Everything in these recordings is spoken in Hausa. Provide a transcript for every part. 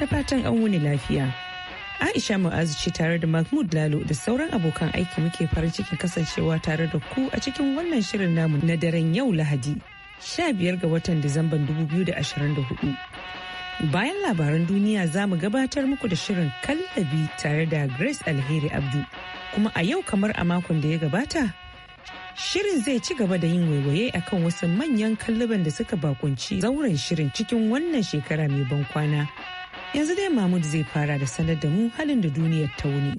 da fatan an wuni lafiya. Aisha Mu'azu ce tare da Mahmud Lalo da sauran abokan aiki muke farin cikin kasancewa tare da ku a cikin wannan shirin namu na daren yau Lahadi, sha biyar ga watan Disamban 2024. Bayan labaran duniya za mu gabatar muku da shirin kallabi tare da Grace Alheri Abdu. Kuma a yau kamar a makon da ya gabata, shirin zai ci gaba da yin waiwaye akan wasu manyan kalliban da suka bakunci zauren shirin cikin wannan shekara mai ban kwana. Yanzu dai Mahmud zai fara da sanar da mu halin da duniyar ta wuni.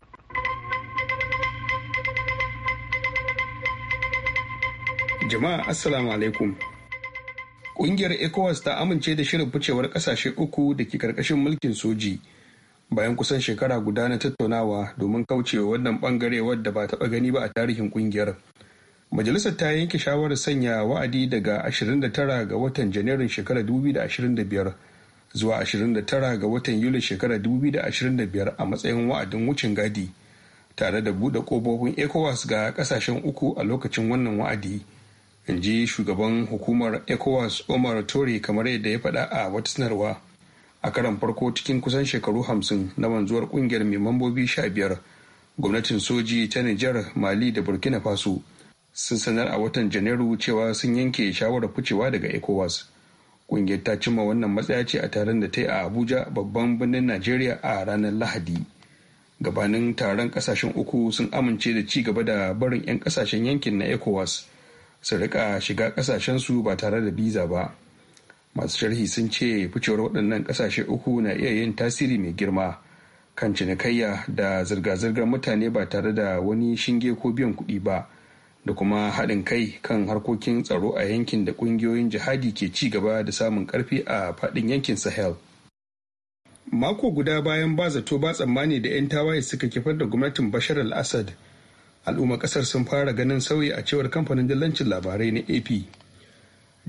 Jama'a Assalamu alaikum. Kungiyar ECOWAS ta amince da shirin ficewar kasashe uku da ke karkashin mulkin soji bayan kusan shekara guda na tattaunawa domin kaucewa wannan bangare wadda ba taɓa gani ba a tarihin kungiyar. Majalisar ta yanke shawarar sanya wa'adi daga 29 ga watan Janairun shekarar 2025 zuwa 29 ga watan yuli shekarar 2025 a matsayin wa'adin wucin gadi tare da buɗe ƙofofin ecowas ga ƙasashen uku a lokacin wannan wa'adi in ji shugaban hukumar ecowas omar tori kamar yadda ya faɗa a wata sanarwa a karan farko cikin kusan shekaru hamsin na wanzuwar ƙungiyar mai mambobi sha biyar gwamnatin soji ta niger mali da burkina faso sun sanar a watan janairu cewa sun yanke shawarar ficewa daga ecowas Ƙungiyar ta cimma wannan matsaya ce a taron da ta yi a Abuja babban birnin Najeriya a ranar Lahadi. Gabanin taron ƙasashen uku sun amince da ci gaba da barin 'yan ƙasashen yankin na ECOWAS su rika shiga su ba tare da biza ba. Masu sharhi sun ce ficewar waɗannan ƙasashe uku na iya yin tasiri mai girma kan cinikayya da zirga-zirgar mutane ba tare da wani shinge ko biyan kuɗi ba. da kuma haɗin kai kan harkokin tsaro a yankin da ƙungiyoyin jihadi ke ci gaba da samun ƙarfi a faɗin yankin sahel mako guda bayan ba zato ba tsammani da 'yan tawaye suka kifar da gwamnatin bashar al-assad al'umma ƙasar sun fara ganin sauyi a cewar kamfanin dillancin labarai na ap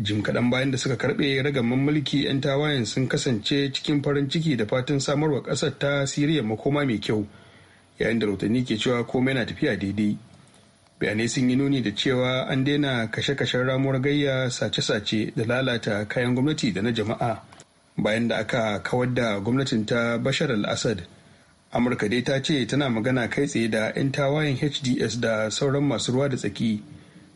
jim kaɗan bayan da suka karɓe ragaman mulki 'yan tawayen sun kasance cikin farin ciki da fatan samarwa ƙasar ta siriya makoma mai kyau yayin da rautani ke cewa komai na tafiya daidai bayanai sun yi nuni da cewa an daina kashe-kashen ramuwar gayya sace-sace da lalata kayan gwamnati da na jama'a bayan da aka kawar da gwamnatin ta bashar al-assad amurka dai ta ce tana magana kai tsaye da 'yan tawayen hds da sauran masu ruwa da tsaki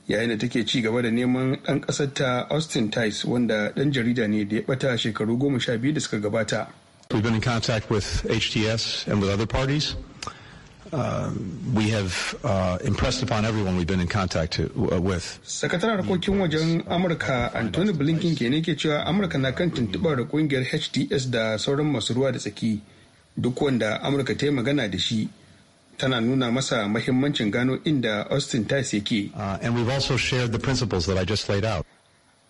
yayin da take ci gaba da neman ɗan ƙasar ta austin tice wanda ɗan jarida ne da ya ɓata shekaru goma sha biyu da suka gabata We've been in contact with HTS and with other parties. Uh, we have uh, impressed upon everyone we've been in contact to, uh, with. Sakataren harkokin wajen Amurka Anthony Blinken ke ne ke cewa Amurka na kan tuntuɓar da kungiyar HTS da sauran masu ruwa da tsaki duk wanda Amurka ta yi magana da shi tana nuna masa mahimmancin gano inda Austin Tice yake. and we've also shared the principles that I just laid out.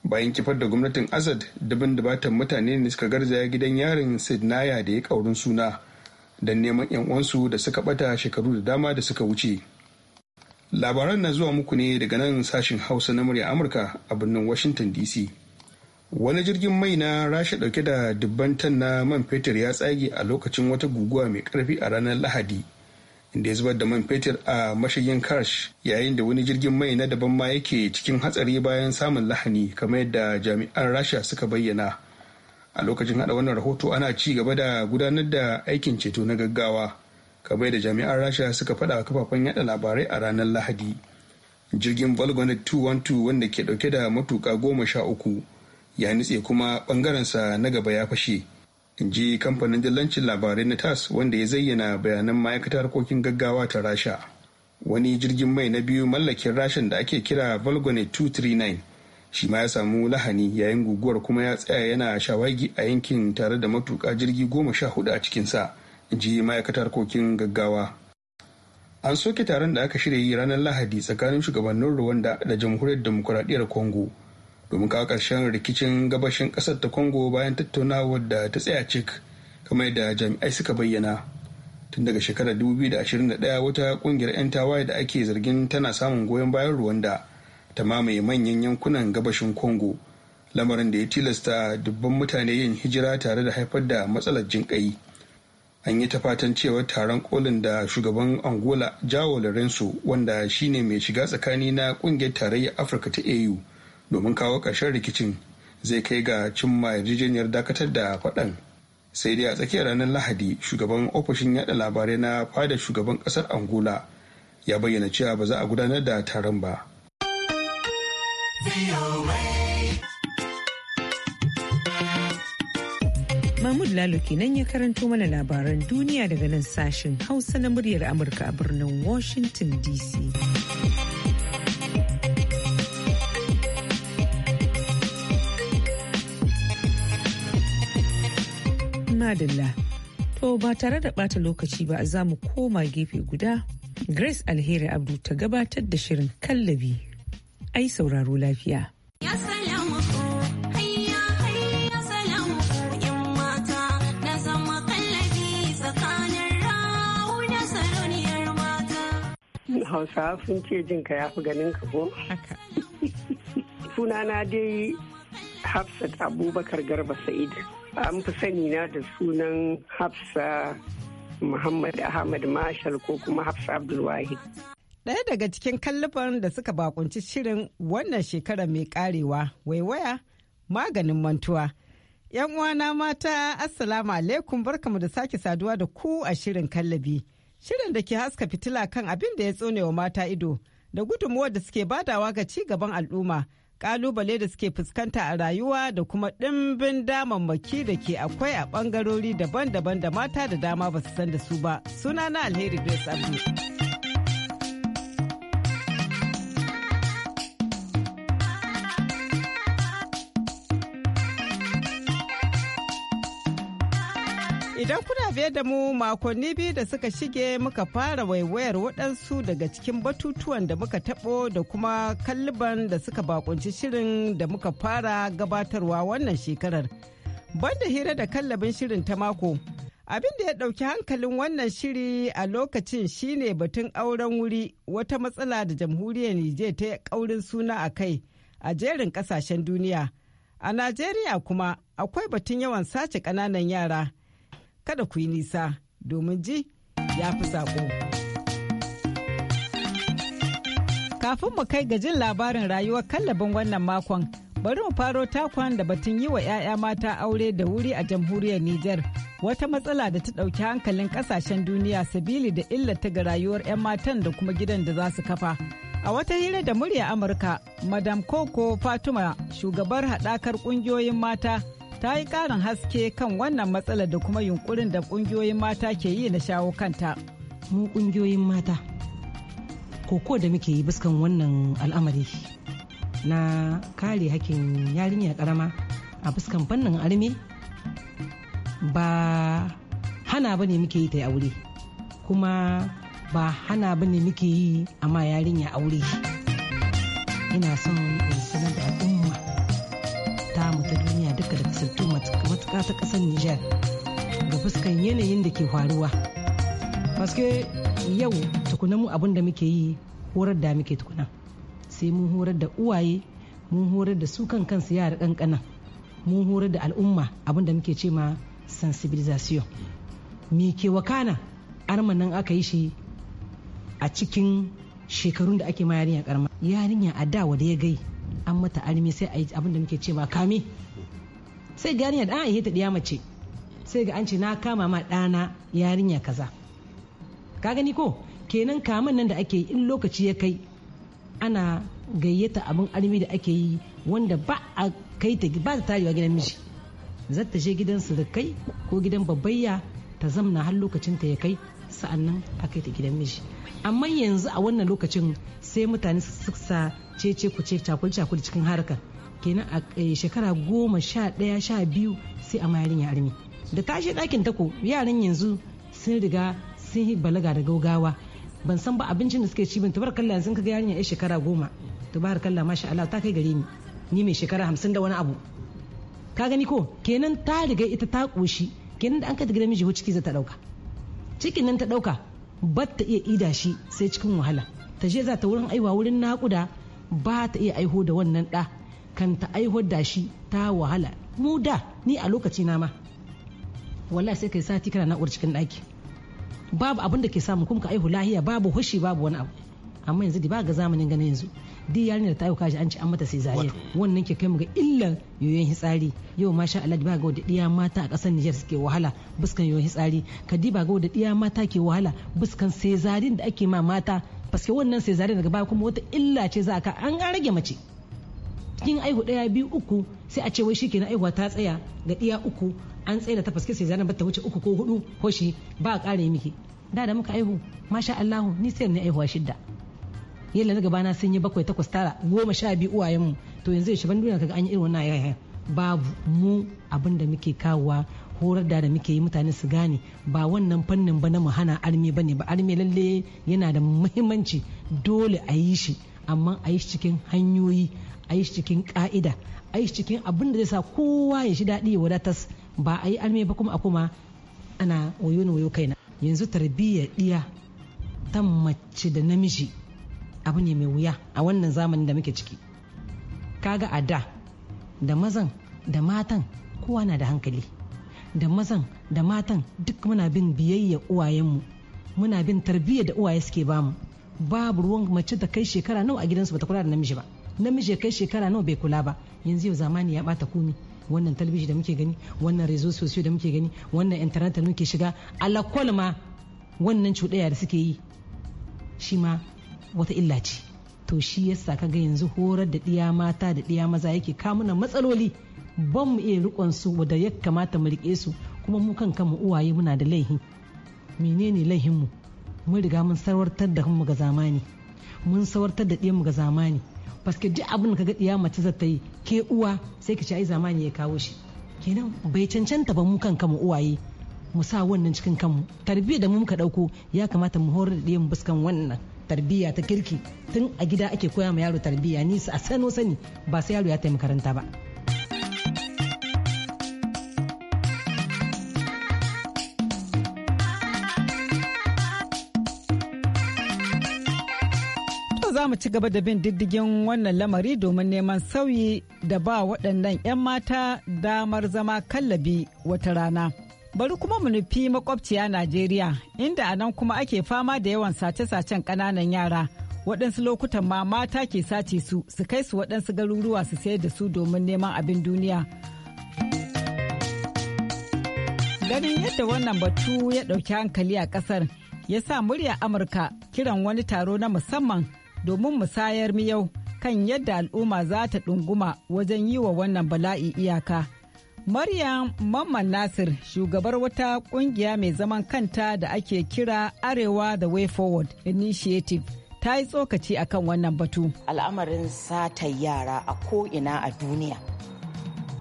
Bayan kifar da gwamnatin Azad, dabin dubatan mutane ne suka garzaya gidan yarin Sidnaya da ya kaurin suna. don neman 'yan uwansu da suka bata shekaru da dama da suka wuce labaran na zuwa muku ne daga nan sashin hausa na murya amurka a birnin washington dc wani jirgin mai na rasha dauke da dubban tan na man fetur ya tsage a lokacin wata guguwa mai karfi a ranar lahadi inda ya zubar da man fetur a mashigin karsh yayin da wani jirgin mai na daban ma yake cikin hatsari bayan samun lahani kamar yadda jami'an rasha suka bayyana a lokacin hada wannan rahoto ana ci gaba da gudanar da aikin ceto na gaggawa kamar da jami'an rasha suka faɗawa a kafafen yada labarai a ranar lahadi jirgin volgonet 212 wanda ke dauke da matuka goma sha uku ya nutse kuma bangarensa na gaba ya fashe in ji kamfanin dillancin labarai na tas wanda ya zayyana bayanan ma'aikatar harkokin gaggawa ta rasha wani jirgin mai na biyu mallakin rashin da ake kira volgonet 239 shi ma ya samu lahani yayin guguwar kuma ya tsaya yana shawagi a yankin tare da matuka jirgi goma sha hudu a cikinsa ji ma'aikatar kokin gaggawa an soke taron da aka shirya yi ranar lahadi tsakanin shugabannin rwanda da jamhuriyar demokuraɗiyyar congo domin kawo ƙarshen rikicin gabashin ƙasar ta congo bayan tattaunawar da ta tsaya cik kamar da jami'ai suka bayyana tun daga shekarar 2021 wata ƙungiyar 'yan tawaye da ake zargin tana samun goyon bayan rwanda ta mamaye manyan yankunan gabashin congo lamarin da ya tilasta dubban mutane yin hijira tare da haifar da matsalar jinƙai an yi ta fatan cewa taron kolin da shugaban angola jawo lorenzo wanda shine mai shiga tsakani na kungiyar tarayyar afirka ta au domin kawo ƙarshen rikicin zai kai ga cimma yarjejeniyar dakatar da faɗan sai dai a tsakiyar ranar lahadi shugaban ofishin yada labarai na fada shugaban ƙasar angola ya bayyana cewa ba za a gudanar da taron ba Mahmud Lalo kenan ya karanto mana labaran duniya daga nan sashen Hausa na muryar Amurka a birnin Washington DC. Madalla, to ba tare da ɓata lokaci ba za mu koma gefe guda, Grace Alheri Abdu ta gabatar da shirin kallabi ai sauraro lafiya. Hausawa sun ce jin ka ya fi ganin ka ko? Sunana dai Hafsat Abubakar Garba Sa'id. An fi sani na da sunan Hafsa Muhammad Ahmad Mashal ko kuma Hafsa Abdulwahid. Daya daga cikin kallifan da suka bakunci shirin wannan shekara mai karewa waiwaya maganin mantuwa. ‘Yan uwana mata, Assalamu alaikum barkamu da sake saduwa da ku a shirin kallabi. Shirin da ke haska fitila kan abin da ya tsone wa mata ido da gudunmuwar da suke badawa ga ci gaban al'umma, ƙalubale da suke fuskanta a rayuwa da kuma ɗimbin damammaki da ke akwai a ɓangarori daban-daban da mata da dama ba su san da su ba. Sunana Alheri Grace Abdul. Idan kuna biye da mu makonni biyu da suka shige muka fara waiwayar waɗansu daga cikin batutuwan da muka taɓo da kuma kalliban da suka bakunci shirin da muka fara gabatarwa wannan shekarar. Banda hira da kallabin shirin ta mako. Abin da ya ɗauki hankalin wannan shiri a lokacin shine batun auren wuri wata matsala da jamhuriyar Nijar ta ƙaurin suna a kai a jerin ƙasashen duniya. A Najeriya kuma akwai batun yawan sace ƙananan yara. kada ku yi nisa domin ji ya fi saƙo. Kafin mu kai gajin labarin rayuwar kallabin wannan makon, bari mu faro takwan da batun yi wa 'ya'ya mata aure da wuri a jamhuriyar Nijar. Wata matsala da ta ɗauki hankalin ƙasashen duniya sabili da illata ga rayuwar 'yan matan da kuma gidan da za su kafa. A wata hira da murya Amurka, Madam Koko Fatuma, shugabar haɗakar ƙungiyoyin mata, ta yi ƙarin haske kan wannan matsalar da kuma yunkurin da kungiyoyin mata ke yi na shawo kanta. Mu ƙungiyoyin mata, ko da muke yi biskan wannan al'amari na kare hakkin yarinya karama a biskan fannin arme ba hana ba ne muke yi ta aure kuma ba hana ba ne muke yi a ma yarinya aure. Ina son matuƙa ta ƙasar Nijar ga fuskan yanayin da ke faruwa. Faske yau tukuna mu abin da muke yi horar da muke tukuna. Sai mun horar da uwaye, mun horar da su kan kansu yara kankana mun horar da al'umma abin da muke cema ma sensibilization. Me ke wakana arman nan aka yi shi a cikin shekarun da ake ma yarinya karma. Yarinya a da da ya gai an mata armi sai a yi abin da muke cema kame sai ga yarinya da an ɗiya mace sai ga an ce na kama ma ɗana yarinya kaza ka gani ko kenan kamun nan da ake yi in lokaci ya kai ana gayyata abin armi da ake yi wanda ba a kai ta ba ta tarewa gidan miji za ta je gidan su da kai ko gidan babbayya ta zamna har lokacin ta ya kai sa'annan a kai ta gidan miji amma yanzu a wannan lokacin sai mutane su sa cece ku ce cakul cakul cikin harkar kenan a eh, shekara goma sha ɗaya sha biyu sai a mayarin armi da tashi ɗakin tako yaran yanzu sun riga sun yi balaga da gaugawa ban san ba abincin da suke ci ban tabarkalla sun kaga yarinya ya shekara goma kalla masha Allah ta kai gare ni ni mai shekara hamsin da wani abu ka gani ko kenan ta riga ita ta koshi kenan da an kai ta miji ko ciki za ta ɗauka cikin nan ta ɗauka ba ta iya ida shi sai cikin wahala ta je za ta wurin aiwa wurin naƙuda ba ta iya aiho da wannan ɗa kan ta aihuwar da shi ta wahala mu da ni a lokaci na ma wallahi sai kai sati kana na'urar cikin ɗaki babu abin da ke samu kuma ka aihu lahiya babu hushi babu wani abu amma yanzu ba ga zamanin ganin yanzu yarin da ta kaji an ce an mata sai zariya wannan ke kai mu ga illar yoyon hitsari yau masha Allah ba ga wadda diya mata a kasar Niger suke wahala buskan yoyon hitsari ka ba ga wadda diya mata ke wahala buskan sai zarin da ake ma mata paske wannan sai zarin daga baya kuma wata illa ce za ka an rage mace kin aihu ɗaya biyu uku sai a ce wai shikenan aihuwa ta tsaya ga ɗiya uku an tsaye da ta faske sai zanen bata wuce uku ko hudu ko shi ba a kare miki da da muka aihu masha Allah ni sai ne aihuwa shidda yalla na na sun yi bakwai takwas tara goma sha biyu uwayen to yanzu yaushe ban duniya kaga an yi irin wannan yaya babu mu abin da muke kawowa horar da da muke yi mutane su gane ba wannan fannin ba na mu hana armi bane ba armi lalle yana da muhimmanci dole a yi shi amma a yi cikin hanyoyi a yi cikin ka'ida a yi cikin abin da zai sa kowa ya shi daɗi ya wadatas ba a yi alme ba kuma a kuma ana wayo ni wayo kaina yanzu tarbiyyar ɗiya ta mace da namiji abu ne mai wuya a wannan zamanin da muke ciki kaga a da da mazan da matan kowa na da hankali da mazan da matan duk muna bin biyayya uwayenmu muna bin tarbiyyar da uwaye suke bamu babu ruwan mace ta kai shekara nawa a gidansu bata kula da namiji ba namiji ya kai shekara nawa bai kula ba yanzu yau zamani ya bata komi wannan talbiji da muke gani wannan rezo sosiyo da muke gani wannan internet da muke shiga alakwal ma wannan cuɗaya da suke yi shi ma wata illa ce to shi yasa ga yanzu horar da ɗiya mata da ɗiya maza yake kamuna matsaloli ban mu iya rikon su wadda ya kamata mu riƙe su kuma mu kan kama uwaye muna da laihi menene laihin mu mun riga mun sarwartar da mu ga zamani mun sawartar da mu ga zamani paske duk abin ka ga ɗiya mace za ta yi ke uwa sai ka ce ai zamani ya kawo shi kenan bai cancanta ba mu kan kama uwaye mu sa wannan cikin kanmu tarbiyya da mu muka ɗauko ya kamata mu horar da ɗiyanmu buskan wannan tarbiyya ta kirki tun a gida ake koya ma yaro tarbiyya ni a sano sani ba sai yaro ya taimaka makaranta ba za mu ci gaba da bin diddigin wannan lamari domin neman sauyi da ba waɗannan 'yan mata damar zama kallabi wata rana. Bari kuma mu nufi makwabciya Najeriya inda a nan kuma ake fama da yawan sace-sacen ƙananan yara. waɗansu lokutan ma mata ke sace su su kai su waɗansu garuruwa su sayar da su domin neman abin duniya. Ganin yadda wannan batu ya ɗauki hankali a ƙasar ya sa murya Amurka kiran wani taro na musamman domin musayar miyau kan yadda al'umma za ta ɗunguma wajen yi wa wannan bala'i iyaka. Maryam Mamman Nasir shugabar wata ƙungiya mai zaman kanta da ake kira Arewa The Way Forward Initiative ta yi tsokaci akan wannan batu. Al'amarin sata yara a ko'ina a duniya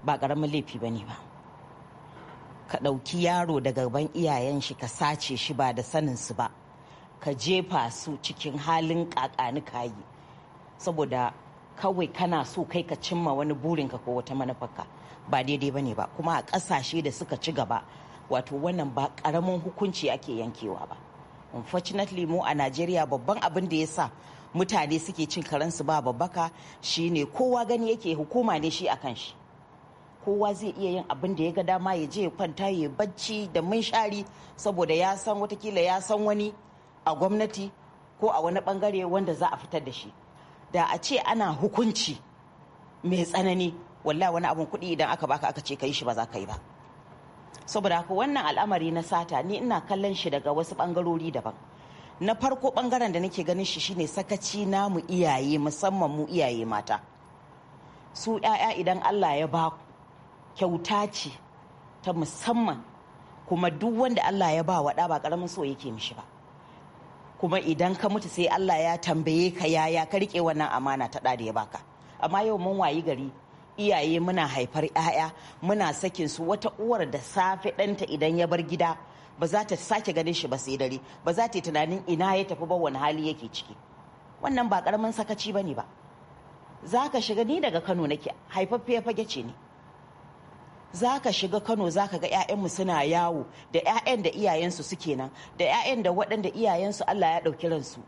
ba ƙaramin laifi ba ne ba. Ka ɗauki yaro daga gaban iyayen shi ka sace shi ba da saninsu ba. ka jefa su cikin halin kakani kayi saboda kawai kana so kai ka cimma wani burinka ko wata manufarka ba daidai ba ne ba kuma a ƙasashe da suka ci gaba wato wannan ba ƙaramin hukunci ake yankewa ba unfortunately mu a najeriya babban abin da ya sa mutane suke cin karansu ba babbaka shine kowa gani yake hukuma ne shi akan shi kowa zai iya yin abin da ya ga dama ya je ya kwanta ya bacci da munshari saboda ya san watakila ya san wani a gwamnati ko a wani bangare wanda za a fitar da shi da a ce ana hukunci mai tsanani wallahi wani abin kuɗi idan aka baka aka ce ka yi shi ba za ka yi ba saboda haka wannan al'amari na sata ni ina kallon shi daga wasu bangarori daban na farko bangaren da nake ganin shi shine sakaci namu iyaye musamman mu iyaye mata su 'ya'ya idan allah ya ba kyauta ce ta musamman kuma duk wanda allah ya ba waɗa ba ƙaramin so yake mishi ba kuma idan ka mutu sai Allah ya tambaye ka yaya ka rike wannan amana ta da ya baka amma yau mun wayi gari iyaye muna haifar 'ya'ya muna sakin su wata uwar da safe ɗanta idan ya bar gida ba za ta sake ganin shi ba sai dare ba za ta yi tunanin ina ya tafi ba wani hali yake ciki wannan ba karamin sakaci bane ba za ka shiga ni daga kano nake haifaffe fage ce ne za ka shiga kano za ka ga 'ya'yanmu suna yawo da 'ya'yan da iyayensu suke nan da 'ya'yan da waɗanda iyayensu allah ya ɗauki ransu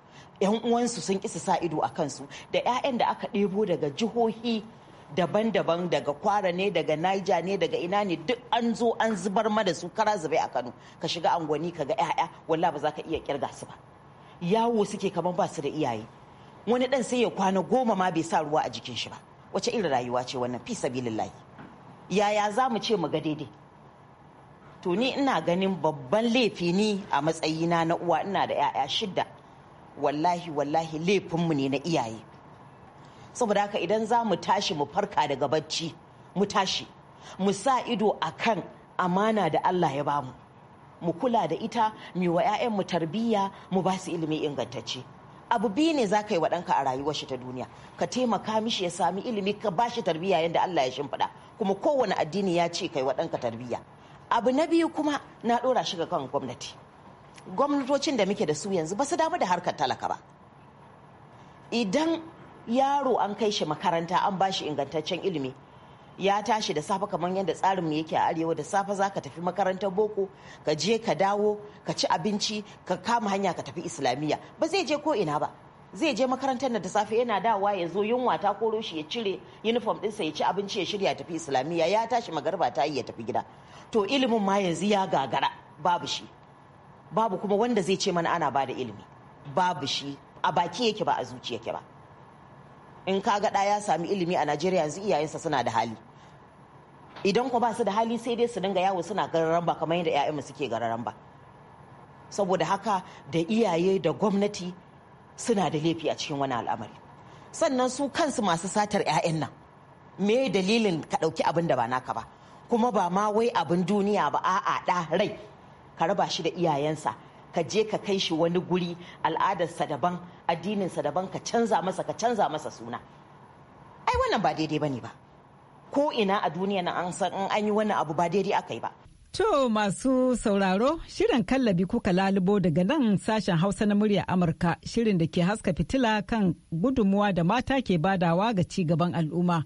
'yan uwansu sun isa sa ido a kansu da 'ya'yan da aka ɗebo daga jihohi daban-daban daga kwara ne daga niger ne daga ina ne duk an zo an zubar mada su kara zube a kano ka shiga angwani ka ga 'ya'ya walla ba za ka iya kirga su ba yawo suke kamar ba su da iyaye wani ɗan sai ya kwana goma ma bai sa ruwa a jikin shi ba wace irin rayuwa ce wannan fi sabilillahi yaya za mu ce mu ga daidai to ni ina ganin babban laifi ni a matsayina na uwa ina da 'ya'ya shidda wallahi wallahi laifinmu ne na iyaye saboda haka idan za mu tashi mu farka daga bacci mu tashi mu sa ido a kan amana da allah ya bamu mu kula da ita mu wa 'ya'yanmu tarbiyya mu ba su ilimi ingantacce abu biyu ne za ka yi wa ɗanka a rayuwar shi ta duniya ka taimaka mishi ya sami ilimi ka ba shi tarbiyya yadda allah ya shimfiɗa kuma kowane addini ya ce kai waɗanka tarbiyya abu na biyu kuma na ɗora shi ga kan gwamnati gwamnatocin da muke da su yanzu ba su damu da harkar talaka ba idan yaro an kai shi makaranta an ba shi ingantaccen ilimi ya tashi da safe kamar yadda tsarin mu yake a arewa da safe za ka tafi makarantar boko ka je ka dawo ka ci abinci ka kama hanya ka tafi islamiyya ba zai je ko ina ba zai je makarantar da safe yana dawa ya zo yunwa ta koro shi ya cire uniform ɗinsa ya ci abinci ya shirya tafi islamiyya ya tashi magarba ta yi ya tafi gida to ilimin ma yanzu ya gagara babu shi babu kuma wanda zai ce mana ana ba da ilimi babu shi a baki yake ba a zuciya ke ba in ka ga ya sami ilimi a najeriya yanzu iyayensa suna da hali idan ku ba su da hali sai dai su dinga yawo suna gararan ba kamar yadda 'ya'yanmu suke gararan ba saboda haka da iyaye da gwamnati suna da laifi a cikin wani al'amari sannan su kansu masu satar 'ya'yan nan me dalilin ka ɗauki abin da ba naka ba kuma ba ma wai abin duniya ba a'a ɗa rai ka raba shi da iyayensa ka je ka kai shi wani guri al'adarsa daban addininsa daban ka canza masa ka canza masa suna ai wannan ba daidai bane ba ko ina a duniya na an san an yi wannan abu ba daidai aka yi ba To masu sauraro shirin kallabi kuka lalubo daga nan sashen Hausa na murya Amurka shirin da ke haska fitila kan gudunmuwa da mata ke badawa ga ci gaban al'umma.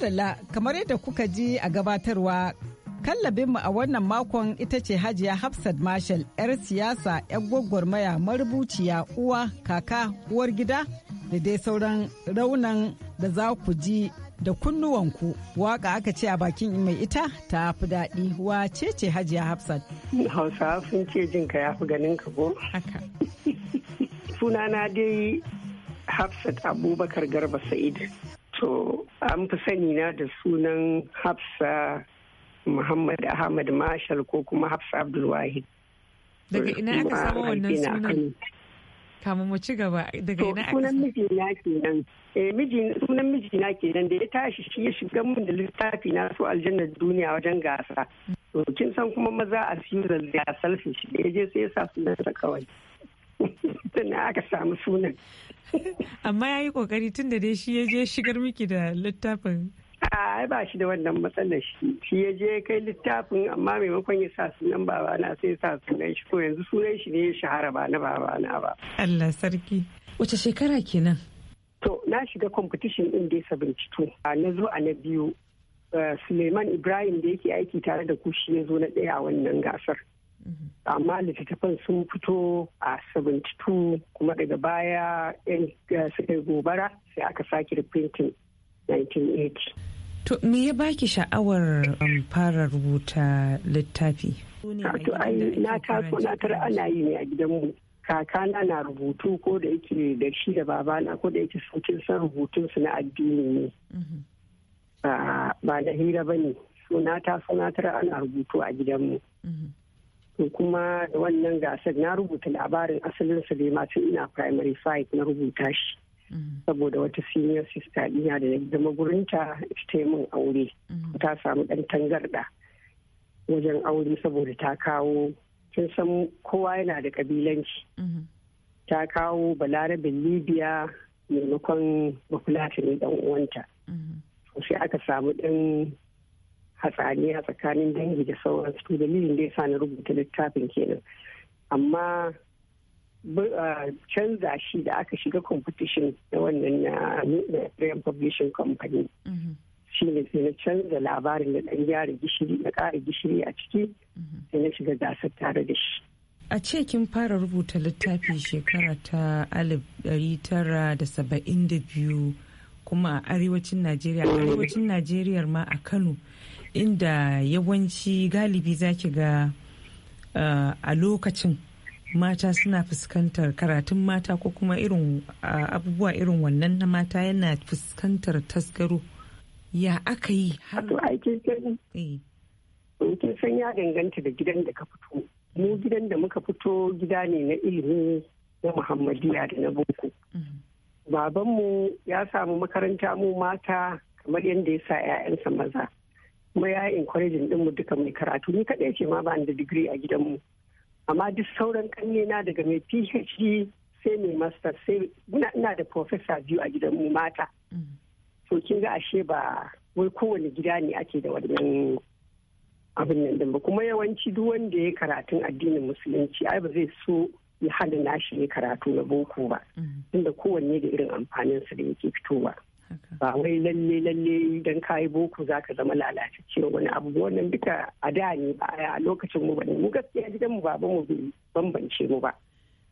Madalla kamar yadda kuka ji a gabatarwa kallabinmu a wannan makon ita ce hajiya Hafsat Marshall 'yar siyasa 'yar gwagwarmaya marubuciya uwa kaka uwar gida da dai sauran raunan da za ku ji da kunnuwanku waka aka ce a bakin mai ita ta fi daɗi wace ce hajiya hafsat hausawa sun ce jin ka ya fi ganin ka ko sunana dai hafsat abubakar garba sa'id to an fi sani na da sunan hafsa muhammad ahmad marshal ko kuma hafsa abdulwahid daga ina aka samu wannan sunan kamar mu ci gaba daga ina aka sunan mijina kenan eh sunan na kenan da ya tashi shi ya shiga min da littafi na su aljannar duniya wajen gasa to kin san kuma maza a siyural da selfish da ya je sai ya sa sunan sa kawai sannan aka samu sunan amma ya yi kokari tun da dai shi ya je shigar miki da littafin a ba shi da wannan matsalar shi shi ya je kai littafin amma maimakon ya sa sunan babana sai sa sunan shi to yanzu sunan shi ne ya shahara ba na babana ba Allah sarki wace shekara kenan to na shiga competition din da 72 na zo a na biyu eh, Suleiman Ibrahim da yake aiki tare da kushi ya zo na ɗaya a wannan gasar amma littattafan sun fito a 72 kuma daga baya yan eh, suka yi gobara sai aka sake printing 1980 to me ya baki sha'awar um, fara rubuta littafi na taso na tara ana yi ne a gidanmu kakana na rubutu ko da yake da shi da babana ko da yake sun san rubutunsu na addini ne mhm. ba da hira ba ne so na taso na tara ana rubutu a gidanmu mhm. to kuma da wannan gasar na rubuta labarin asalin su dai masu ina primary five na rubuta shi mm. saboda wata senior sister ina da ya zama gurinta ta yi aure mm. ta samu ɗan tangarɗa wajen aure saboda ta kawo kin san kowa yana da ƙabilanci mm-hmm. ta kawo balarabin libya maimakon bafulatin dan uwanta mm-hmm. sai aka samu ɗan hatsaniya tsakanin dangi da sauransu dalilin da ya sa na rubuta littafin kenan amma canza shi da aka shiga competition na wannan na publishing company mm-hmm. shi ne sai na canza labarin da ɗan gyara gishiri na ƙara gishiri a ciki mm-hmm. sai na shiga gasar tare da shi a ce kin fara rubuta littafi shekara ta 1972 kuma a arewacin najeriya arewacin najeriya ma a kano inda yawanci galibi za ki ga eh, a lokacin mata suna fuskantar karatun mata ko kuma irin eh, abubuwa irin wannan na mata yana fuskantar tasgaro ya aka yi har eh. kin san ya danganta da gidan da ka fito mu gidan da muka fito gida ne na ilimi na muhammadiya da na boko mm-hmm. babanmu ya samu makaranta mu mata kamar yadda ya sa 'ya'yansa maza kuma ya yi encouraging din mu duka mai karatu ni kaɗai ce ma ba da digiri a gidanmu amma duk sauran kanne na daga mai phd sai mai master sai muna ina da professor biyu a gidanmu mata to kin ga ashe ba wai kowane gida ne ake da wannan abin nan din ba kuma yawanci duk wanda ya karatun addinin musulunci ai ba zai so ya hada nashi ne karatu na boko ba mm. tunda kowanne da irin amfanin su da yake fitowa ba wai lalle lalle dan kayi boko za ka zama cewa wani abu wannan duka a da ne ba a lokacin mu bane mu gaskiya gidan mu baba mu bai bambance mu ba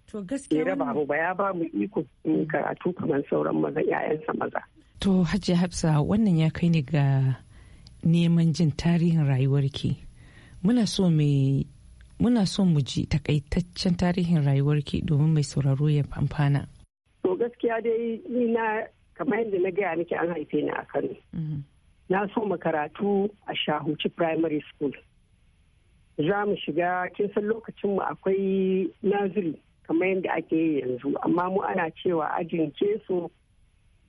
to gaskiya mu ba ya ba mu iko in karatu kamar sauran maza yayansa maza to hajji hafsa wannan ya kai ni ga neman jin tarihin rayuwarki muna so me muna so mu ji takaitaccen tarihin rayuwarki domin mai sauraro ya amfana to gaskiya dai ni na kamar yadda na gaya miki an haife ni a kano mhm. na so karatu a shahuci primary school za mu shiga kin san lokacin mu akwai naziri kamar yadda ake yi yanzu amma mu ana cewa ajin keso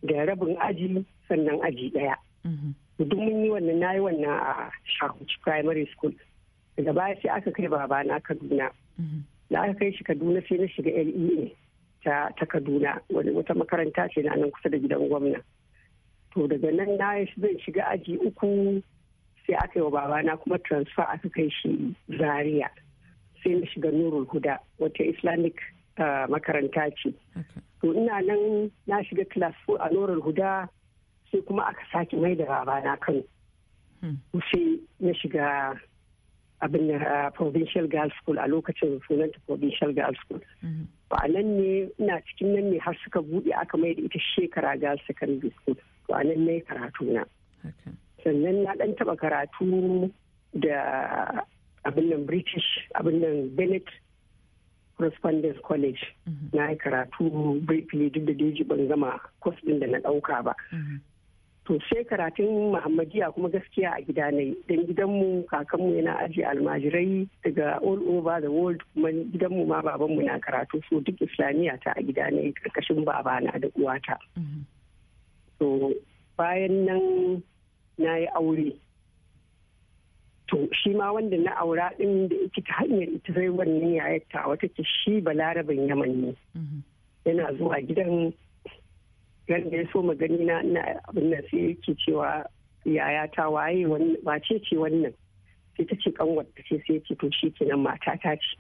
da rabin aji sannan aji daya mhm. duk mun yi wannan nayi wannan a shahuci primary school daga baya sai aka kai babana kaduna mhm. da aka kai shi kaduna sai na shiga lea ta, ta kaduna wata makaranta ce na nan kusa da gidan gwamna to daga nan na zan shiga aji uku sai aka yi wa babana kuma transfer aka kai shi zaria sai na shiga nurul huda wata islamic uh, makaranta ce to ina nan na shiga class 4 a nurul huda sai kuma aka sake mai da babana kano hmm. sai na shiga abin da provincial girls school a lokacin sunanta provincial girls school mm-hmm. to a nan ne ina cikin nan ne har suka buɗe aka mai da ita shekara girls secondary school to a nan ne karatu na sannan na ɗan taɓa karatu da abin nan british abin nan bennett correspondence college mm-hmm. na yi karatu briefly duk da daji ban gama kwas ɗin da na ɗauka ba mm-hmm. to sai karatun muhammadiya kuma gaskiya a gida ne don gidanmu kakanmu yana aji almajirai daga all over the world kuma gidanmu ma babanmu na karatu so duk islamiyya ta a gida ne karkashin babana da uwata to mm-hmm. bayan nan na yi aure to shi ma wanda na aura din da ita ta hanyar ita sai wannan yayata wata ce shi balaraban yaman ne mm-hmm. yana zuwa gidan nan da ya so magani na abin nan sai yake cewa yaya ta waye ba ce wannan sai ta ce kanwar ta ce sai ce to shi kenan matata ce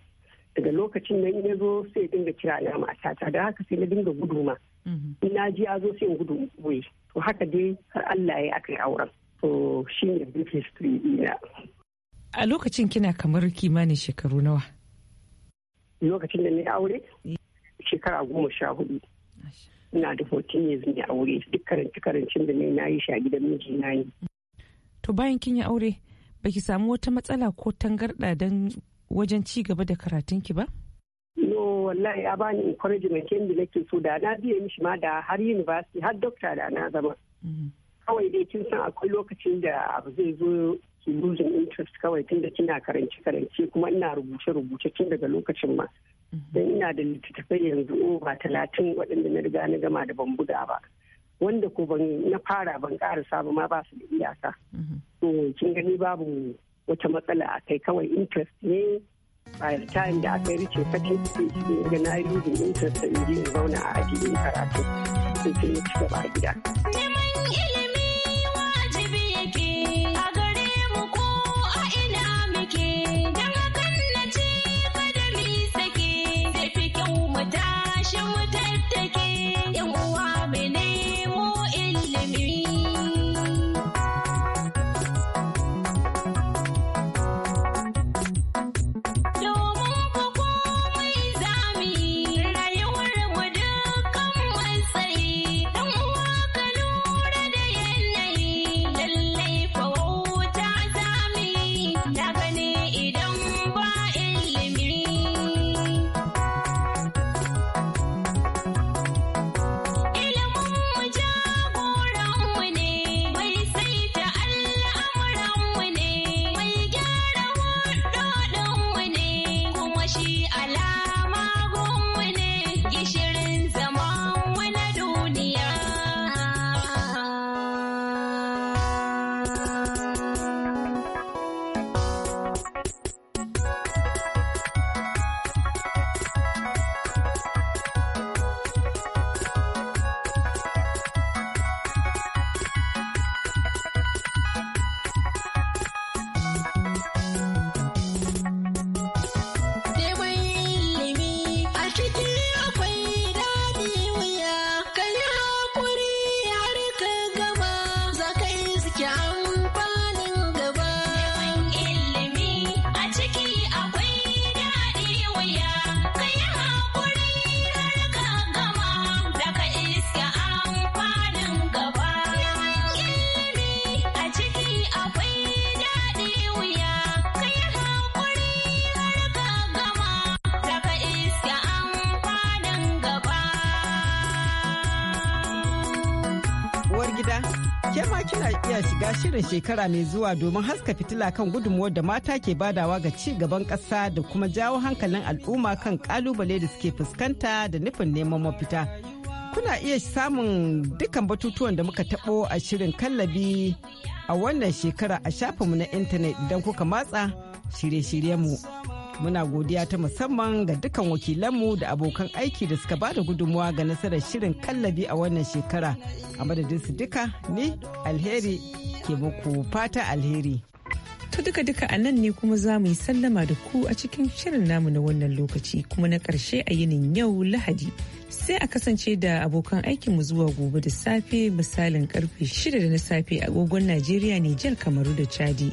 daga lokacin nan ya zo sai dinga kira na matata da haka sai na dinga gudu ma mhm. in na ji ya zo sai in gudu wai to haka dai har Allah ya aka yi auren to shi ne big history a lokacin kina kamar kimanin shekaru nawa lokacin da na aure eh. shekara goma sha hudu ina da hoton ya zan aure duk karance karancin da ne na yi shi a gidan miji na yi. To bayan kin yi aure baki samu wata matsala ko tangarɗa don wajen ci gaba da karatun ki ba? no wallahi ya bani encouragement yadda nake so da na biya mishi ma da har university har doctor da na zama mm-hmm. kawai dai kin san akwai lokacin da abu zai zo ki losing interest kawai tun da kina karance karance kuma ina rubuce rubuce tun daga lokacin ma don ina da littattafai yanzu ba talatin waɗanda na riga na gama da ban buga ba wanda ko ban na fara ban karasa ba ma ba su da iyaka to kin gani babu wata matsala a kai kawai interest ne by the time da aka yi rice fatin ne ga na yi interest in zauna a ajiyin karatu sai sai ci gaba a gida. shirin shekara mai zuwa domin haska fitila kan gudunmuwar da mata ke badawa ga ci gaban ƙasa da kuma jawo hankalin al'umma kan kalubale da suke fuskanta da nufin neman mafita. Kuna iya samun dukkan batutuwan da muka taɓo a shirin kallabi a wannan shekara a shafinmu na intanet idan kuka matsa shirye-shiryenmu Muna godiya ta musamman ga dukkan wakilanmu da abokan aiki da suka ba da gudunmuwa ga nasarar shirin kallabi a wannan shekara. A madadin su duka ni alheri ke muku fata alheri. To duka duka a nan ne kuma za mu yi sallama da ku a cikin shirin namu na wannan lokaci kuma na karshe a yinin yau Lahadi. sai a kasance da abokan aikinmu zuwa gobe da safe misalin karfe 6 da na safe agogon Najeriya, Nijar, Kamaru da Chadi.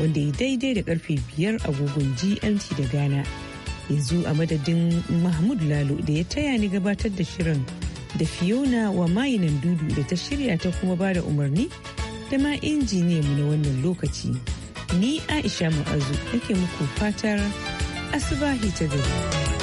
wanda ya daidai da karfe biyar agogon gmt da ghana yanzu a madadin mahmud lalo da ya taya ni gabatar da shirin da fiona wa mayinan dudu da ta shirya ta kuma ba da umarni da ma mu na wannan lokaci ni aisha ma'azu nake muku fatar asubahi ta gari.